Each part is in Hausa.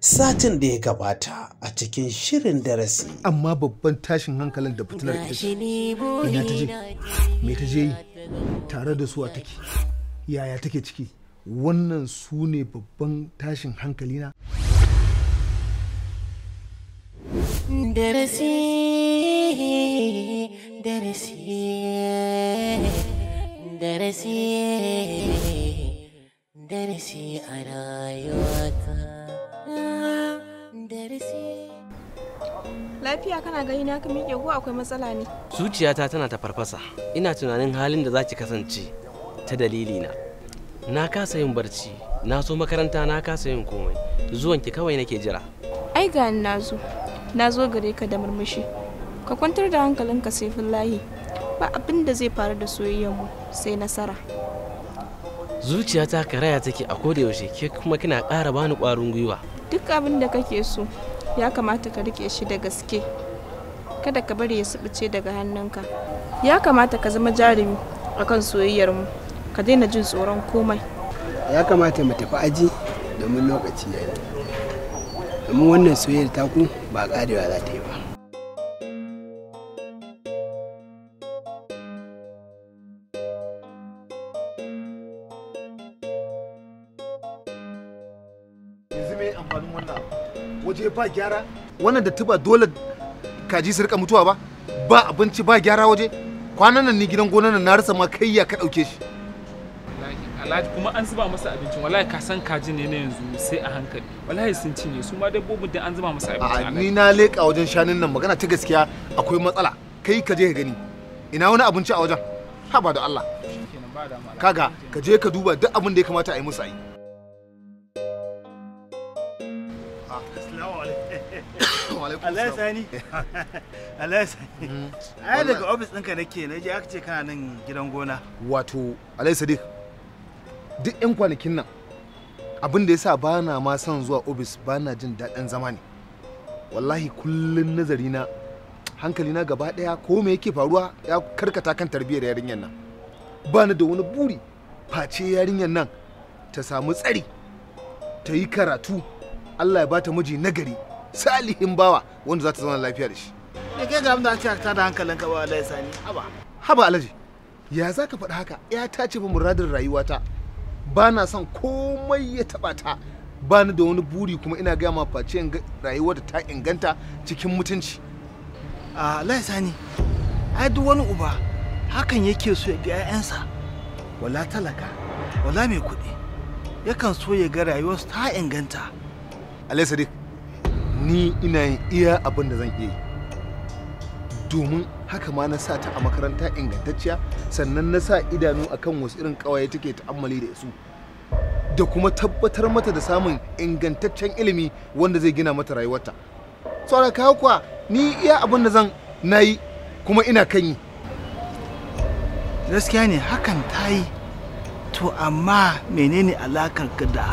satin da ya gabata a cikin shirin darasi. Amma babban tashin hankalin da fitilar ita taje ina ta je, me ta je tare da su a take, yaya take ciki, wannan su ne babban tashin hankali na. Darasi, darasi, darasi, darasi a rayuwa. Lafiya kana gani na ka miƙe ko akwai matsala ne? Zuciyata tana ta farfasa. Ina tunanin halin da za ki kasance ta dalilina. Na kasa yin barci, na so makaranta na kasa yin komai. ki kawai nake jira. Ai ga na zo. Na zo gare ka da murmushi. Ka kwantar da hankalinka sai layi. Ba abin da zai faru da mu sai nasara. Zuciyata karaya take a koda yaushe ke kuma kina ƙara bani kwarin gwiwa. Duk abin da kake so ya kamata ka rike shi da gaske kada ka bari ya subuce daga hannunka ya kamata ka zama jarumi akan soyayyar mu ka daina jin tsoron komai ya kamata mu tafi aji domin lokaci yayi domin wannan soyayyar taku ba karewa za ta yi ba abinci ba gyara wannan da tuba dole kaji su rika mutuwa ba ba abinci ba gyara waje kwanan nan ni gidan gonan nan na rasa ma kai ya ka dauke shi alhaji kuma an zuba masa abincin wallahi ka san kaji ne na yanzu sai a hankali wallahi sun cinye su ma dabbobin da an zuba masa abincin a ni na leka wajen shanun nan magana ta gaskiya akwai matsala kai ka je ka gani ina wani abinci a wajen haba da Allah kaga ka je ka duba duk abin da ya kamata a yi musu a Assalamu alaikum. Allah ya sani. Allah ya sani. Mm-hmm. Ai daga office ɗinka nake na je aka ce kana nan gidan gona. Wato Alai Sadiq duk 'yan kwanakin nan abin da yasa ba na ma son zuwa office ba na jin daɗin zama ne. Wallahi kullum nazari na hankali na gaba ɗaya ko me yake faruwa ya karkata kan tarbiyyar yarinyar nan. Ba da wani buri face yarinyar nan ta samu tsari ta yi karatu Allah ya bata miji nagari salihin bawa wanda za ta zama lafiya da shi me kai ga da ake ta da hankalinka ba wallahi sani haba haba alaji ya za ka faɗi haka ya ta ce ba muradin rayuwata ba na son komai ya taɓa ta ba ni da wani buri kuma ina gaya ma face rayuwata ta inganta cikin mutunci a lai sani ai duk wani uba hakan yake so ya ga 'ya'yansa wala talaka wala mai kuɗi yakan so ya ga rayuwarsu ta inganta alai sadiq ni ina yin iya abin da zan yi domin haka ma na sa ta a makaranta ingantacciya sannan na sa idanu akan wasu irin kawaye take ta'ammali da su da kuma tabbatar mata da samun ingantaccen ilimi wanda zai gina mata rayuwarta tsara kawo kuwa ni iya abin da zan na yi kuma ina kan yi gaskiya ne hakan ta yi to amma menene alakar ka da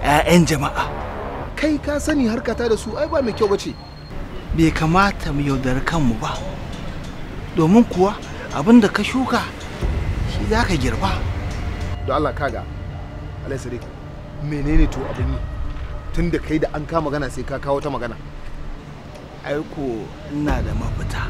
'ya'yan jama'a kai ka sani harkata da su ai ba mai kyau bace bai kamata mu yaudari kanmu ba domin kuwa abin da ka shuka shi za ka girba don Allah kaga Alai Sadiq menene to abin yi tun da kai da an ka magana sai ka kawo ta magana ko ina da mafita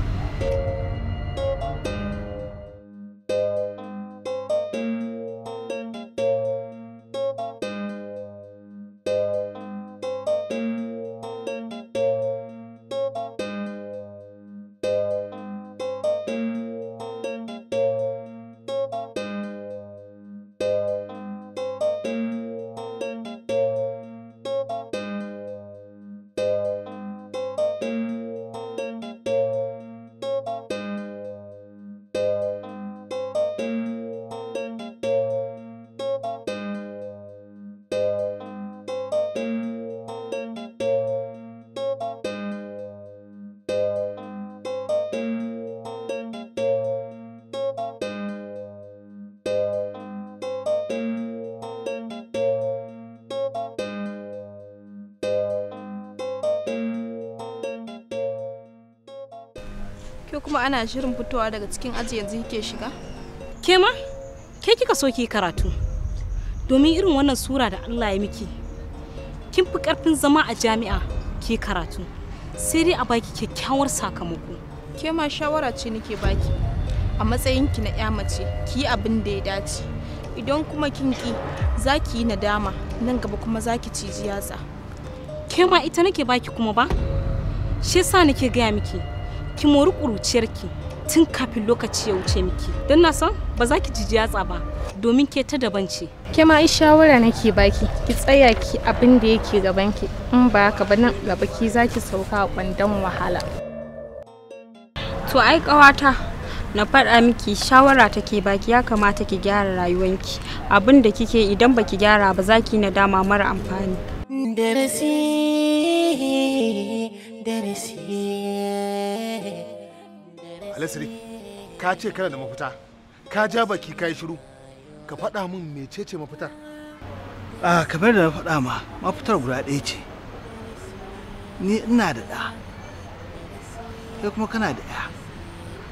kuma ana shirin fitowa daga cikin aji yanzu kike shiga? Ke ma? Ke kika so ki karatu. Domin irin wannan sura da Allah ya miki. Kin fi karfin zama a jami'a ki karatu. Sai dai a baki kyakkyawar sakamako. Ke ma shawara ce nake baki. A matsayin ki na 'ya mace, ki yi abin da ya dace. Idan kuma kin ki, za ki yi nadama, nan gaba kuma za ki ciji yatsa. Ke ma ita nake baki kuma ba? Shi yasa nake gaya miki, ki mori ƙuruciyarki tun kafin lokaci ya wuce miki don na san ba za ki jiji yatsa ba domin ke ta daban ce ke ma shawara nake baki ki tsaya ki abin da yake gabanki in ba ka ba nan gaba ki za ki sauka kwandon wahala to ai ƙawata na faɗa miki shawara take baki ya kamata ki gyara rayuwanki abin da kike idan baki gyara ba za ki nadama mara amfani darasi darasi alasiri ka ce kana da mafita ka ja baki ka yi shiru ka faɗa min mecece mafitar a ah, kamar da na faɗa ma mafitar guda ɗaya ce ni ina da ɗa kai kuma kana da ɗaya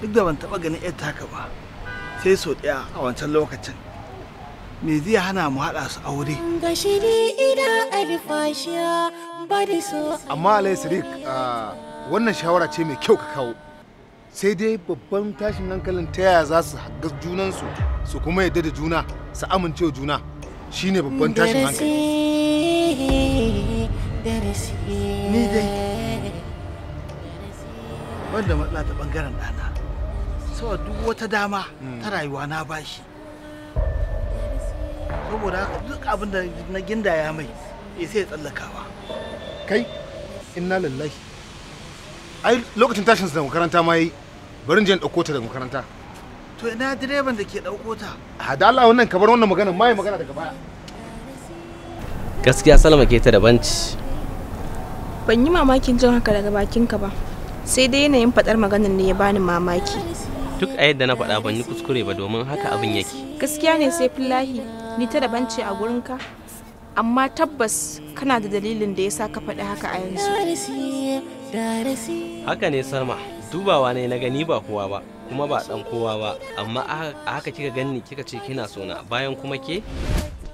duk da ban taɓa ganin ƴar taka ba sai so ɗaya a wancan lokacin me zai hana mu haɗa su aure amma alai ah, wannan shawara ce mai kyau ka kawo sai dai babban tashin hankalin ta yaya za su haƙa junansu su kuma yadda da juna su amince wa juna shine babban tashin hankali ni dai wanda matsala ta bangaren ɗana sawa duk wata dama ta hmm. rayuwa na bashi saboda duk abinda da na ya mai eh, sai ya tsallakawa kai inna lallahi ai lokacin tashin da makaranta ma yi barin jan dauko ta daga makaranta to ina direban da ke dauko ta a ah, da Allah wannan ka bar wannan magana mai magana daga baya gaskiya salma ke ta da banci ban yi mamakin jin haka daga bakinka ba sai dai yanayin fadar maganar ne ya bani mamaki duk a yadda na faɗa ban yi kuskure ba domin haka abin yake gaskiya ne sai fillahi ni ta daban ce a gurinka amma tabbas kana da dalilin da ya sa ka faɗi haka a yanzu haka ne salma dubawa ne na gani ba kowa ba kuma ba dan kowa ba amma a haka kika gani kika ce kina sona bayan kuma ke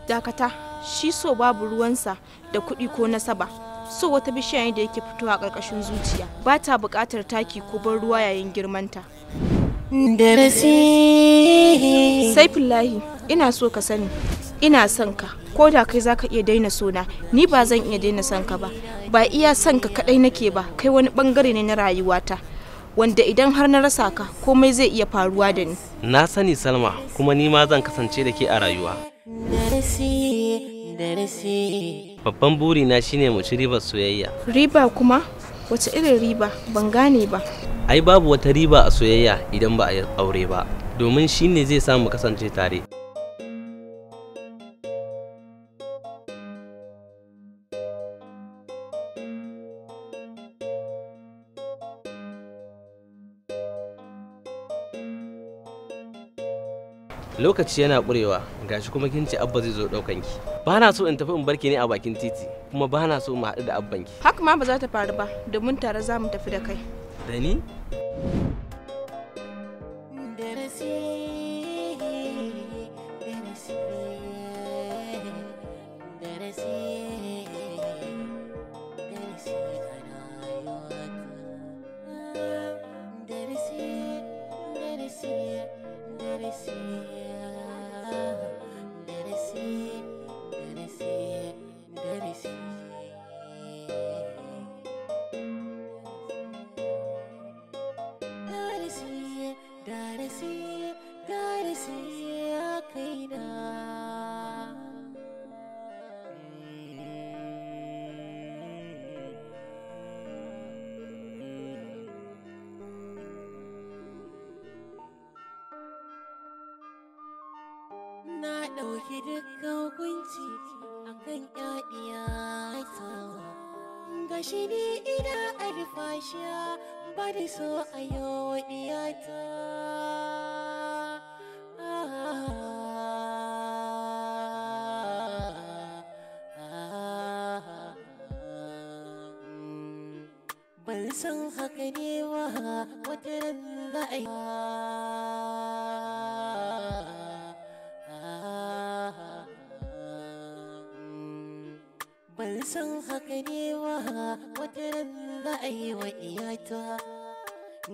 dakata shi so babu ruwansa da kuɗi ko nasaba so wata bishiya da yake fitowa a ƙarƙashin zuciya ba ta buƙatar taki ko ban ruwa yayin girmanta saifullahi ina so ka sani ina son ka ko da kai zaka iya daina sona ni ba zan iya daina son ka ba ba iya son ka kadai nake ba kai wani bangare ne na rayuwata wanda idan har na rasa ka komai zai iya faruwa da ni na sani salma kuma ni ma zan kasance da ke a rayuwa babban na shine mu ci ribar soyayya riba kuma wace irin riba ban gane ba ai babu wata riba a soyayya idan ba a aure ba domin shine zai samu kasance tare lokaci yana ga shi kuma kin ce abba zai zo ɗaukanki ki ba na so in tafi in barki ne a bakin titi kuma ba na so mu haɗu da abban ki haka ma ba za ta faru ba domin tare za mu tafi da kai da ni na ɗauki duk hukunci akan ƴaƴiya tawa ga shi ni ina alfashiya ba da so a yau ɗiyata ban san haka ne wa wata za a yi ban san haka ne wa wata za a yi wa iyata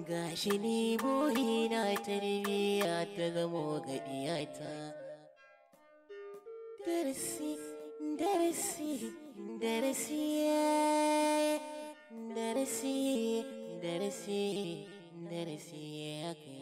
gashi ne burina tarbiyya ta zamo ga iyata darasi darasi darasi darasi darasi darasi ya kai